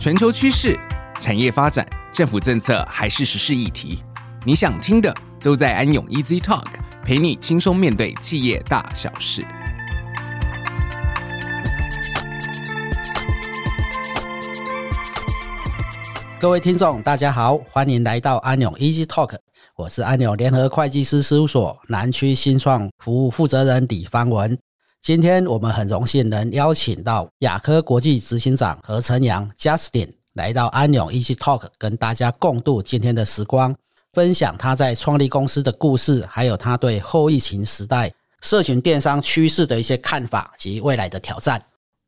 全球趨勢、產業發展、政府政策還是時事議題，你想聽的都在安永 Easy Talk，陪你輕鬆面對企業大小事。各位聽眾，大家好，歡迎來到安永 Easy Talk，我是安永聯合會計師事務所南區新創服務負責人李芳文。今天我們很榮幸能邀請到亞科國際執行長何承洋 Justin 來到安永 Easy Talk，跟大家共度今天的時光，分享他在創立公司的故事，還有他對後疫情時代社群電商趨勢的一些看法及未來的挑戰。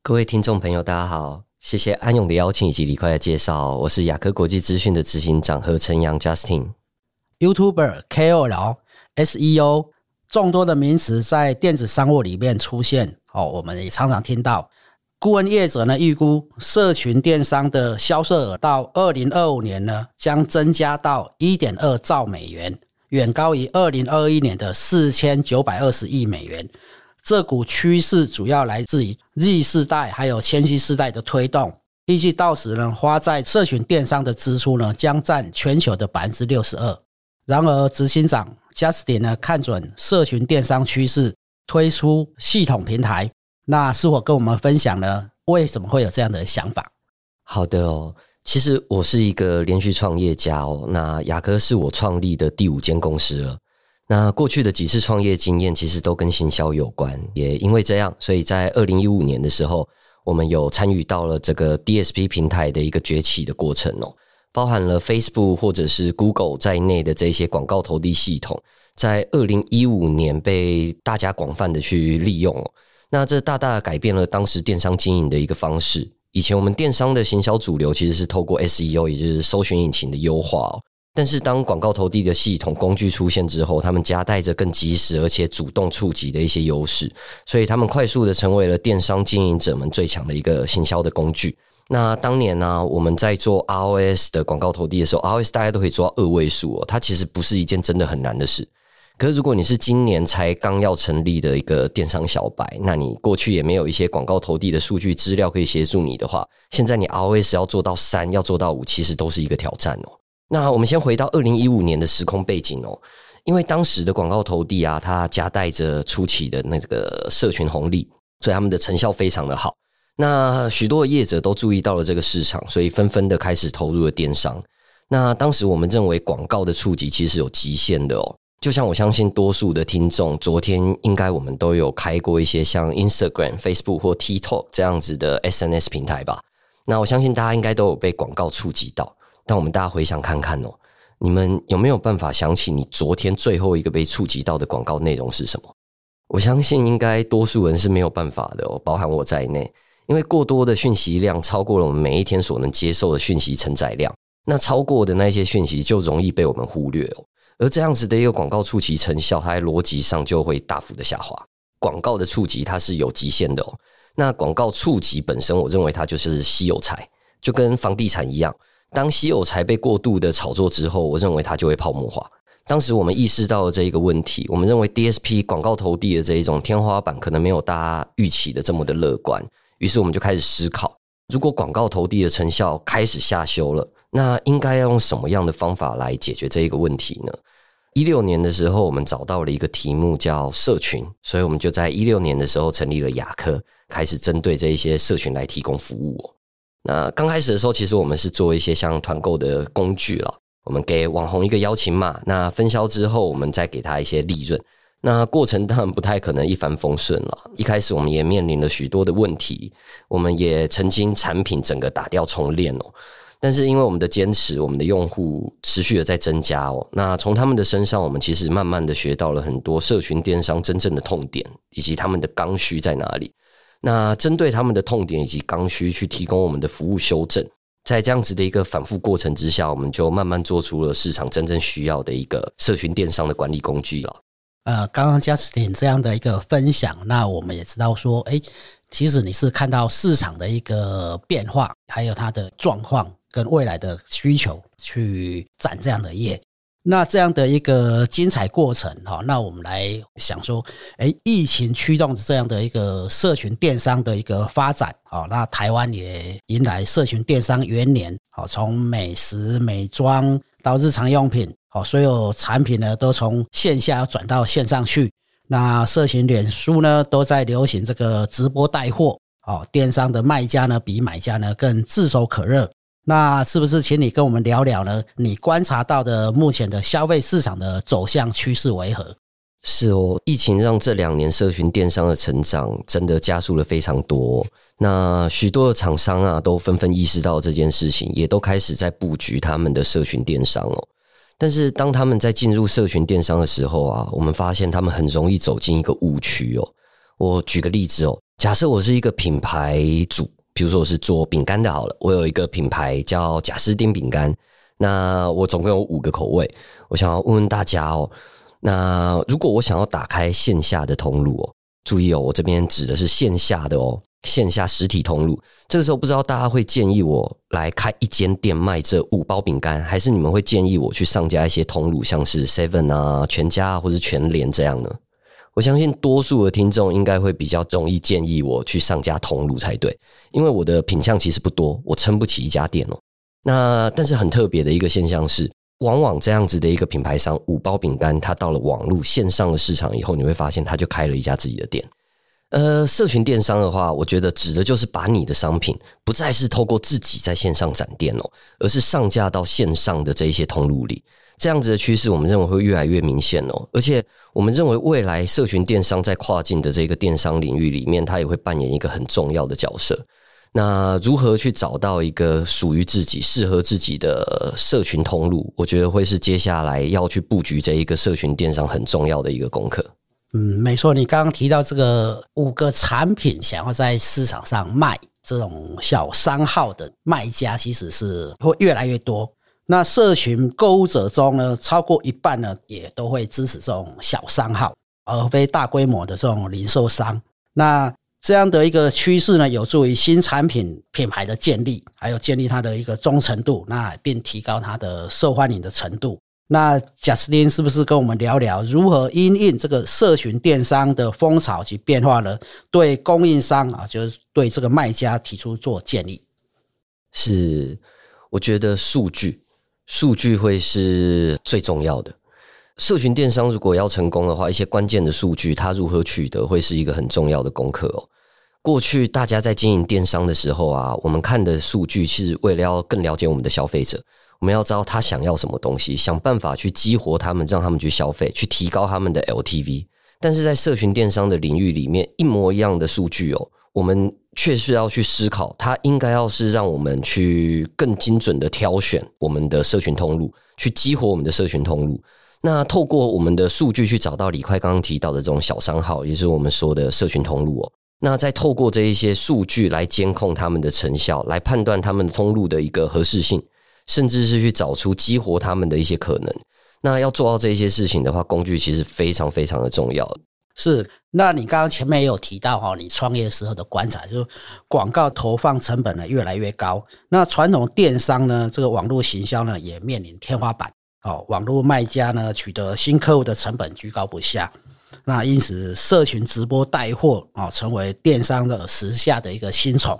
各位聽眾朋友，大家好，謝謝安永的邀請以及李快的介紹，我是亞科國際資訊的執行長何承洋 Justin，YouTuber KOL SEO。眾多的名詞在電子商務裡面出現，哦，我們也常常聽到。顧問業者呢預估，社群電商的銷售額到二零二五年呢，將增加到一點二兆美元，遠高於二零二一年的四千九百二十億美元。這股趨勢主要來自於 Z 世代還有千禧世代的推動，預計到時呢，花在社群電商的支出呢，將佔全球的百分之六十二。然而，執行長。Justin 呢，the，看準社群電商趨勢，推出系統平台。那是否跟我們分享呢？為什麼會有這樣的想法？好的哦，其實我是一個連續創業家哦。那亞科是我創立的第五間公司了。那過去的幾次創業經驗，其實都跟行銷有關。也因為這樣，所以在二零一五年的時候，我們有參與到了這個 DSP 平台的一個崛起的過程哦。包含了 Facebook 或者是 Google 在內的這些廣告投遞系統，在二零一五年被大家廣泛的去利用。那這大大改變了當時電商經營的一個方式。以前我們電商的行銷主流其實是透過 SEO，也就是搜尋引擎的優化。但是當廣告投遞的系統工具出現之後，他們夾帶着更及時而且主動觸及的一些優勢，所以他們快速的成為了電商經營者們最強的一個行銷的工具。那當年呢、啊，我們在做 R O S 的廣告投遞的時候，R O S 大家都可以做到二位數哦，它其實不是一件真的很難的事。可是如果你是今年才剛要成立的一個電商小白，那你過去也沒有一些廣告投遞的數據資料可以協助你的話，現在你 R O S 要做到三，要做到五，其實都是一個挑戰哦。那我們先回到二零一五年的時空背景哦，因為當時的廣告投遞啊，它夾帶着初期的那個社群紅利，所以他們的成效非常的好。那許多的業者都注意到了這個市場，所以紛紛的開始投入了電商。那當時我們認為廣告的觸及其實有極限的哦，就像我相信多數的聽眾，昨天應該我們都有開過一些像 Instagram、Facebook 或 TikTok 這樣子的 SNS 平台吧？那我相信大家應該都有被廣告觸及到，但我們大家回想看看哦，你們有沒有辦法想起你昨天最後一個被觸及到的廣告內容是什麼？我相信應該多數人是沒有辦法的哦，包含我在內。因為過多的訊息量超過了我們每一天所能接受的訊息承載量，那超過的那些訊息就容易被我們忽略哦。而這樣子的一個廣告觸及成效，它在邏輯上就會大幅的下滑。廣告的觸及它是有極限的哦。那廣告觸及本身，我認為它就是稀有財，就跟房地產一樣。當稀有財被過度的炒作之後，我認為它就會泡沫化。當時我們意識到了這一個問題，我們認為 DSP 廣告投遞的這一種天花板可能沒有大家預期的這麼的樂觀。於是我們就開始思考，如果廣告投遞的成效開始下修了，那應該要用什麼樣的方法來解決這一個問題呢？一六年的時候，我們找到了一個題目叫社群，所以我們就在一六年的時候成立了亞科，開始針對這一些社群來提供服務。哦。那剛開始的時候，其實我們是做一些像團購的工具了，我們給網紅一個邀請碼，那分銷之後，我們再給他一些利潤。那過程當然不太可能一帆風順了。一開始我們也面臨了許多的問題，我們也曾經產品整個打掉重練哦。但是因為我們的堅持，我們的用戶持續的在增加哦。那從他們的身上，我們其實慢慢的學到了很多社群電商真正的痛點以及他們的剛需在哪裡。那針對他們的痛點以及剛需，去提供我們的服務修正。在這樣子的一個反覆過程之下，我們就慢慢做出了市場真正需要的一個社群電商的管理工具了。呃，剛剛 Justin 這樣的一個分享，那我們也知道說，哎，其實你是看到市場的一個變化，還有它的狀況跟未來的需求去展這樣的業。那這樣的一個精彩過程哈、哦，那我們來想說，哎，疫情驅動着這樣的一個社群電商的一個發展哦，那台灣也迎來社群電商元年啊、哦，從美食、美妝到日常用品。好、哦，所有產品呢都從線下轉到線上去。那社群、臉書呢都在流行這個直播帶貨。哦，電商的賣家呢比買家呢更炙手可熱。那是不是，請你跟我們聊聊呢？你觀察到的目前的消費市場的走向趨勢為何？是哦，疫情讓這兩年社群電商的成長真的加速了非常多、哦。那許多的廠商啊都紛紛意識到這件事情，也都開始在布局他們的社群電商哦。但是當他們在進入社群電商的時候啊，我們發現他們很容易走進一個誤區哦。我舉個例子哦，假設我是一個品牌主，比如說我是做餅乾的，好了，我有一個品牌叫賈斯丁餅乾，那我總共有五個口味。我想要問問大家哦，那如果我想要打開線下的通路哦，注意哦，我這邊指的是線下的哦。線下實體通路，這個時候不知道大家會建議我來開一間店賣這五包餅乾，還是你們會建議我去上架一些通路，像是 Seven 啊、全家啊、或是全聯這樣呢？我相信多數的聽眾應該會比較容易建議我去上架通路才對，因為我的品項其實不多，我撐不起一家店哦。那但是很特別的一個現象是，往往這樣子的一個品牌商五包餅乾，它到了網絡線上的市場以後，你會發現他就開了一家自己的店。呃，社群電商的話，我覺得指的就是把你的商品不再是透過自己在線上展店哦，而是上架到線上的這一些通路裡，這樣子的趨勢，我們認為會越來越明顯哦。而且，我們認為未來社群電商在跨境的這個電商領域裡面，它也會扮演一個很重要的角色。那如何去找到一個屬於自己、適合自己的社群通路，我覺得會是接下來要去布局這一個社群電商很重要的一個功課。嗯，沒錯，你剛剛提到這個五個產品想要在市場上賣，這種小商號的賣家其實是會越來越多。那社群購物者中呢，超過一半呢也都會支持這種小商號，而非大規模的這種零售商。那這樣的一個趨勢呢，有助於新產品品牌的建立，還有建立它的一個忠誠度，那並提高它的受歡迎的程度。那賈斯汀是不是跟我們聊聊如何因應這個社群電商的風潮及變化呢？對供應商啊，就是對這個賣家提出做建議。是，我覺得數據數據會是最重要的。社群電商如果要成功的話，一些關鍵的數據它如何取得，會是一個很重要的功課哦。過去大家在經營電商的時候啊，我們看的數據，是為了要更了解我們的消費者。我們要知道他想要什麼東西，想辦法去激活他們，讓他們去消費，去提高他們的 LTV。但是在社群電商的領域裡面，一模一樣的數據哦，我們確實要去思考，它應該要是讓我們去更精準的挑選我們的社群通路，去激活我們的社群通路。那透過我們的數據去找到李快剛剛提到的這種小商號，也是我們說的社群通路哦。那再透過這一些數據來監控他們的成效，來判斷他們通路的一個合適性。甚至是去找出激活他們的一些可能。那要做到這些事情的話，工具其實非常非常的重要。是，那你剛剛前面也有提到哈，你創業時候的觀察就是廣告投放成本呢越來越高，那傳統電商呢，這個網絡行銷呢也面臨天花板。哦，網絡賣家呢取得新客戶的成本居高不下，那因此，社群直播帶貨哦，成為電商的時下的一個新寵。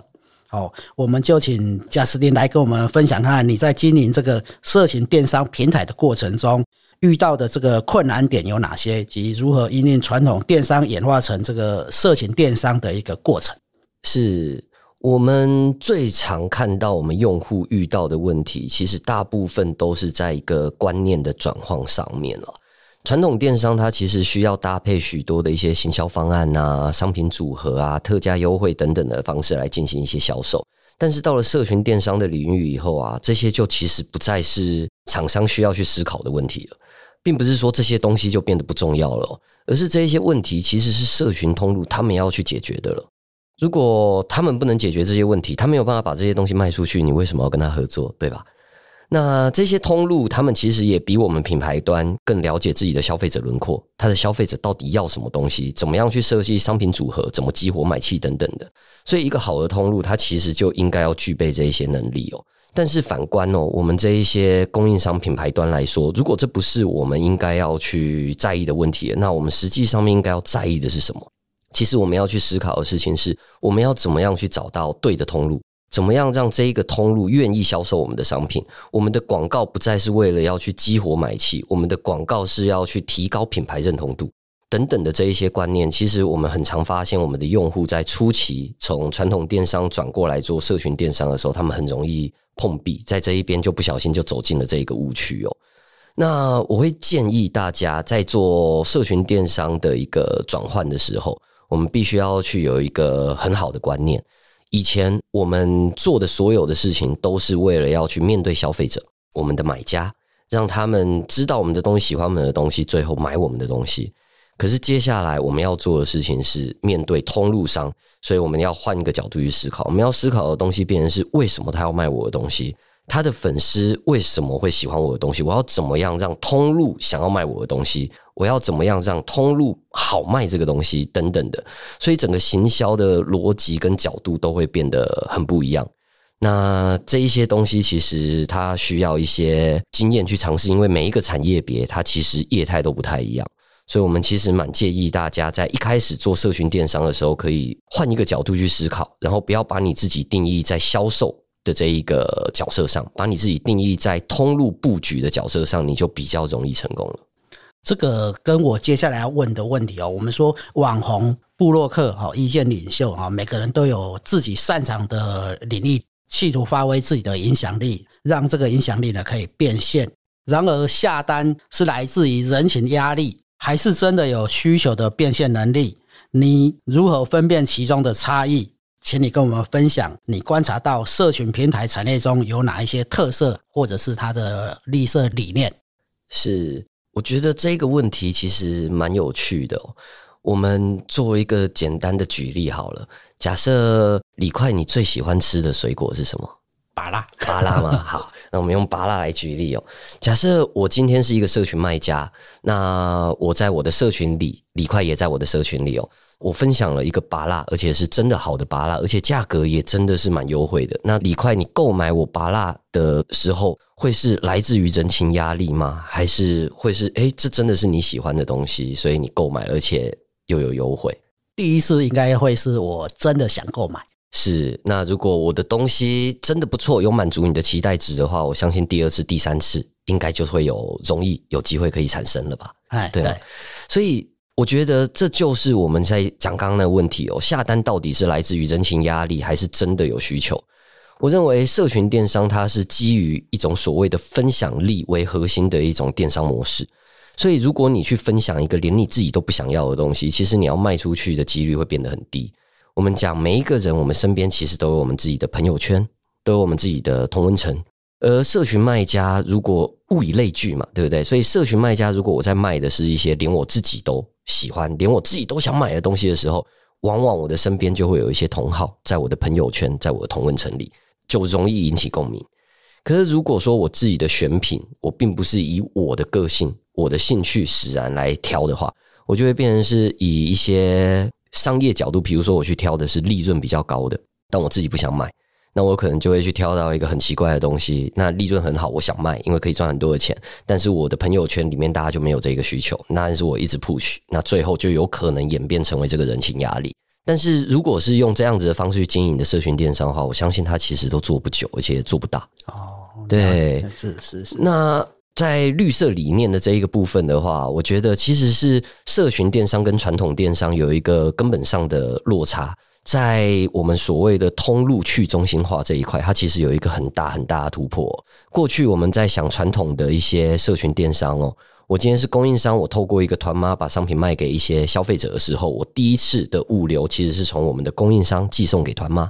哦，oh, 我們就請賈斯汀來跟我們分享，看你在經營這個社群電商平台的過程中遇到的這個困難點有哪些，及如何引領傳統電商演化成這個社群電商的一個過程。是我們最常看到我們用戶遇到的問題，其實大部分都是在一個觀念的轉換上面了。傳統電商它其實需要搭配許多的一些行銷方案啊、商品組合啊、特價優惠等等的方式來進行一些銷售，但是到了社群電商的領域以後啊，這些就其實不再是廠商需要去思考的問題了，並不是說這些東西就變得不重要了哦，而是這一些問題其實是社群通路他們要去解決的了。如果他們不能解決這些問題，他沒有辦法把這些東西賣出去，你為什麼要跟他合作，對吧？那這些通路，他們其實也比我們品牌端更了解自己的消費者輪廓，他的消費者到底要什麼東西，怎麼樣去設計商品組合，怎麼激活買氣等等的。所以，一個好的通路，它其實就應該要具備這一些能力哦。但是反觀哦，我們這一些供應商品牌端來說，如果這不是我們應該要去在意的問題，那我們實際上面應該要在意的是什麼？其實我們要去思考的事情是，我們要怎麼樣去找到對的通路。怎麼樣讓這一個通路願意銷售我們的商品？我們的廣告不再是為了要去激活買氣，我們的廣告是要去提高品牌認同度等等的這一些觀念。其實我們很常發現，我們的用戶在初期從傳統電商轉過來做社群電商的時候，他們很容易碰壁，在這一邊就不小心就走進了這一個誤區哦。那我會建議大家在做社群電商的一個轉換的時候，我們必須要去有一個很好的觀念。以前我們做的所有的事情都是為了要去面對消費者，我們的買家，讓他們知道我們的東西，喜歡我們的東西，最後買我們的東西。可是接下來我們要做的事情是面對通路商，所以我們要換一個角度去思考，我們要思考的東西變成是為什麼他要賣我的東西。他的粉絲為什麼會喜歡我的東西？我要怎麼樣讓通路想要賣我的東西？我要怎麼樣讓通路好賣這個東西？等等的，所以整個行銷的邏輯跟角度都會變得很不一樣。那這一些東西其實它需要一些經驗去嘗試，因為每一個產業別它其實業態都不太一樣。所以我們其實蠻建議大家在一開始做社群電商的時候，可以換一個角度去思考，然後不要把你自己定義在銷售。的這一個角色上，把你自己定義在通路布局的角色上，你就比較容易成功了。這個跟我接下來要問的問題哦，我們說網紅、部落客、哈意見領袖哈每個人都有自己擅長的領域，企圖發揮自己的影響力，讓這個影響力呢可以變現。然而，下單是來自於人情壓力，還是真的有需求的變現能力？你如何分辨其中的差異？請你跟我們分享，你觀察到社群平台產業中有哪一些特色，或者是它的綠色理念？是，我覺得這個問題其實蠻有趣的哦。我們做一個簡單的舉例好了。假設李塊，你最喜歡吃的水果是什麼？芭樂。芭樂嘛 好。那我們用拔辣來舉例喔。假設我今天是一個社群賣家，那我在我的社群裡，李快也在我的社群裡喔。我分享了一個拔辣，而且是真的好的拔辣，而且價格也真的是蠻優惠的。那李快，你購買我拔辣的時候，會是來自於人情壓力嗎？還是會是誒，這真的是你喜歡的東西，所以你購買，而且又有優惠。第一次應該會是我真的想購買。是，那如果我的東西真的不錯，有滿足你的期待值的話，我相信第二次、第三次應該就會有容易有機會可以產生了吧？嘿，對嗎？對，所以我覺得這就是我們在講剛剛那個問題喔，下單到底是來自於人情壓力，還是真的有需求？我認為社群電商它是基於一種所謂的分享力為核心的一種電商模式，所以如果你去分享一個連你自己都不想要的東西，其實你要賣出去的幾率會變得很低。我們講每一個人，我們身邊其實都有我們自己的朋友圈，都有我們自己的同溫層。而社群賣家，如果物以類聚嘛，對不對？所以社群賣家，如果我在賣的是一些連我自己都喜歡、連我自己都想買的東西的時候，往往我的身邊就會有一些同好，在我的朋友圈，在我的同溫層裡，就容易引起共鳴。可是如果說我自己的選品，我並不是以我的個性、我的興趣使然來挑的話，我就會變成是以一些。商業角度，比如說我去挑的是利潤比較高的，但我自己不想賣，那我可能就會去挑到一個很奇怪的東西，那利潤很好，我想賣，因為可以賺很多的錢，但是我的朋友圈裡面大家就沒有這個需求，那還是我一直 push，那最後就有可能演變成為這個人情壓力。但是如果是用這樣子的方式去經營的社群電商的話，我相信它其實都做不久，而且也做不大。哦，對，是是是，那。在綠色理念的這一個部分的話，我覺得其實是社群電商跟傳統電商有一個根本上的落差。在我們所謂的通路去中心化這一塊，它其實有一個很大很大的突破。過去我們在想傳統的一些社群電商哦、喔，我今天是供應商，我透過一個團媽把商品賣給一些消費者的時候，我第一次的物流其實是從我們的供應商寄送給團媽，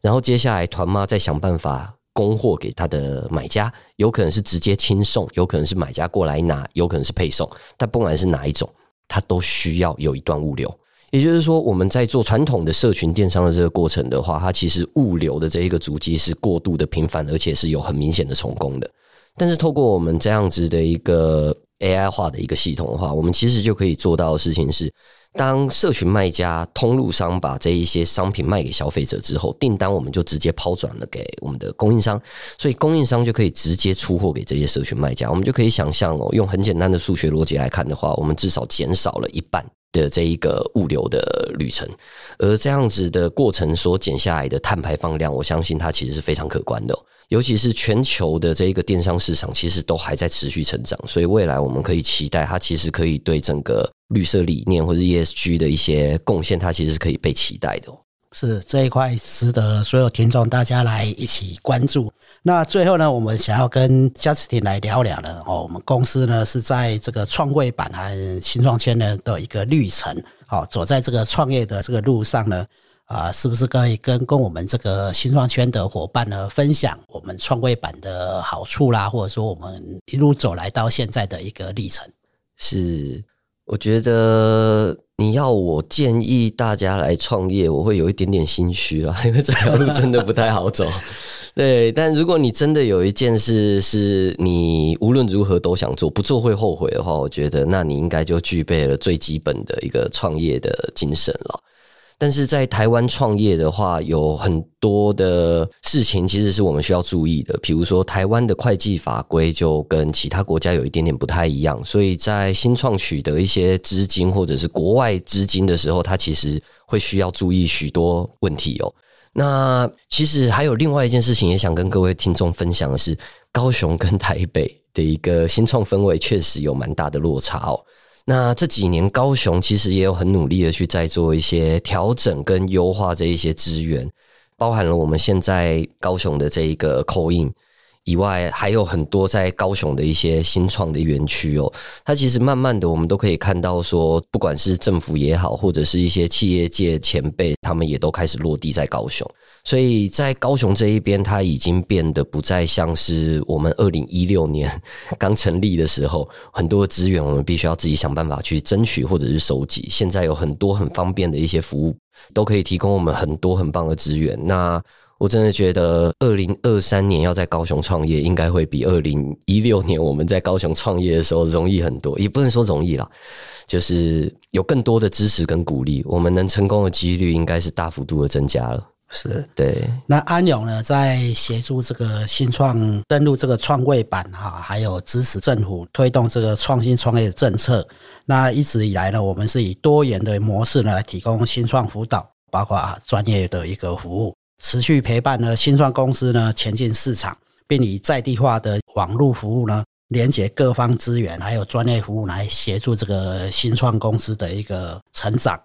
然後接下來團媽再想辦法。供貨給他的買家，有可能是直接親送，有可能是買家過來拿，有可能是配送。但不管是哪一種，它都需要有一段物流。也就是說，我們在做傳統的社群電商的這個過程的話，它其實物流的這一個足跡是過度的頻繁，而且是有很明顯的重工的。但是透過我們這樣子的一個 AI 化的一個系統的話，我們其實就可以做到的事情是。當社群賣家、通路商把這一些商品賣給消費者之後，訂單我們就直接拋轉了給我們的供應商，所以供應商就可以直接出貨給這些社群賣家。我們就可以想象哦，用很簡單的數學邏輯來看的話，我們至少減少了一半。的這一個物流的旅程，而這樣子的過程所減下來的碳排放量，我相信它其實是非常可觀的。尤其是全球的這一個電商市場，其實都還在持續成長，所以未來我們可以期待它其實可以對整個綠色理念或者 ESG 的一些貢獻，它其實是可以被期待的。是這一塊值得所有聽眾大家來一起關注。那最後呢，我們想要跟 Justin 來聊聊呢。哦。我們公司呢是在這個創櫃板和新創圈呢的一個歷程哦，走在這個創業的這個路上呢，啊，是不是可以跟跟我們這個新創圈的夥伴呢分享我們創櫃板的好處啦，或者說我們一路走來到現在的一個歷程是？我覺得你要我建議大家來創業，我會有一點點心虛啦，因為這條路真的不太好走。 對，但如果你真的有一件事是你無論如何都想做，不做會後悔的話，我覺得那你應該就具備了最基本的一個創業的精神了。但是在台灣創業的話，有很多的事情其實是我們需要注意的。比如說，台灣的會計法規就跟其他國家有一點點不太一樣，所以在新創取得一些資金或者是國外資金的時候，它其實會需要注意許多問題哦。那其實還有另外一件事情也想跟各位聽眾分享的是，高雄跟台北的一個新創氛圍確實有蠻大的落差哦。那這幾年，高雄其實也有很努力的去在做一些調整跟優化這一些資源，包含了我們現在高雄的這一個 KO-IN。以外還有很多在高雄的一些新創的園區哦，它其實慢慢的我們都可以看到說，不管是政府也好，或者是一些企業界前輩，他們也都開始落地在高雄。所以在高雄這一邊，它已經變得不再像是我們二零一六年剛成立的時候，很多的資源我們必須要自己想辦法去爭取或者是收集。現在有很多很方便的一些服務，都可以提供我們很多很棒的資源。那我真的覺得，二零二三年要在高雄創業，應該會比二零一六年我們在高雄創業的時候容易很多，也不能說容易啦，就是有更多的支持跟鼓勵，我們能成功的幾率應該是大幅度的增加了。是，對。那安永呢，在協助這個新創登錄這個創櫃板哈、啊，還有支持政府推動這個創新創業的政策。那一直以來呢，我們是以多元的模式呢來提供新創輔導，包括專、啊、業的一個服務。持續陪伴呢，新創公司呢前進市場，並以在地化的網絡服務呢連接各方資源，還有專業服務來協助這個新創公司的一個成長。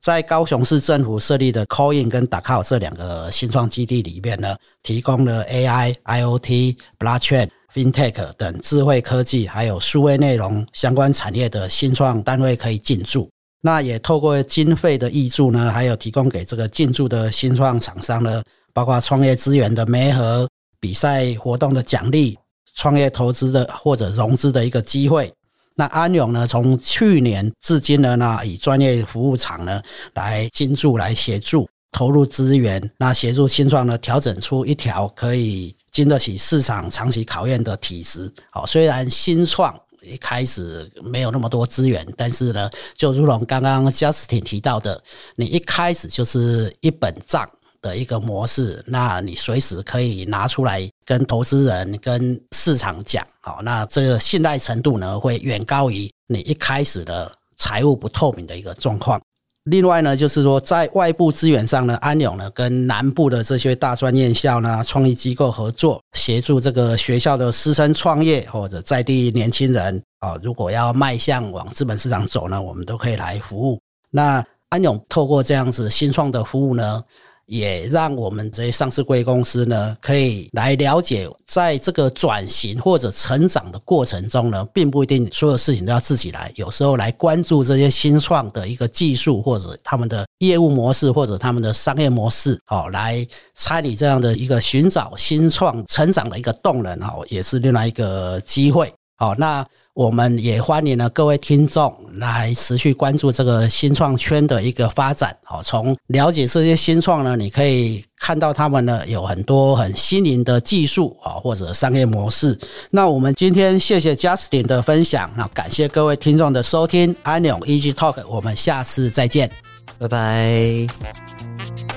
在高雄市政府設立的 Coin 跟 DAKUO 這兩個新創基地裡面呢，提供了 AI、IoT、Blockchain、FinTech 等智慧科技，還有數位內容相關產業的新創單位可以進駐。那也透過經費的挹注呢，還有提供給這個進駐的新創廠商呢，包括創業資源的媒合、比賽活動的獎勵、創業投資的或者融資的一個機會。那安永呢，從去年至今呢，那以專業服務廠呢來進駐、來協助、投入資源，那協助新創呢調整出一條可以經得起市場長期考驗的體質。好，雖然新創。一開始沒有那麼多資源，但是呢，就如同剛剛 Justin 提到的，你一開始就是一本賬的一個模式，那你隨時可以拿出來跟投資人、跟市場講，好，那這個信賴程度呢，會遠高於你一開始的財務不透明的一個狀況。另外呢，就是說在外部資源上呢，安永呢跟南部的這些大專院校呢、創意機構合作，協助這個學校的師生創業或者在地年輕人啊、哦，如果要邁向往資本市場走呢，我們都可以來服務。那安永透過這樣子新創的服務呢。也讓我們這些上市櫃公司呢，可以來了解，在這個轉型或者成長的過程中呢，並不一定所有事情都要自己來，有時候來關注這些新創的一個技術，或者他們的業務模式，或者他們的商業模式，好來參與這樣的一個尋找新創成長的一個動能，也是另外一個機會，好，那。我們也歡迎呢，各位聽眾來持續關注這個新創圈的一個發展哦。從了解這些新創呢，你可以看到他們呢，有很多很新穎的技術啊，或者商業模式。那我們今天謝謝 Justin 的分享，那感謝各位聽眾的收聽安永 Easy Talk，我們下次再見，拜拜。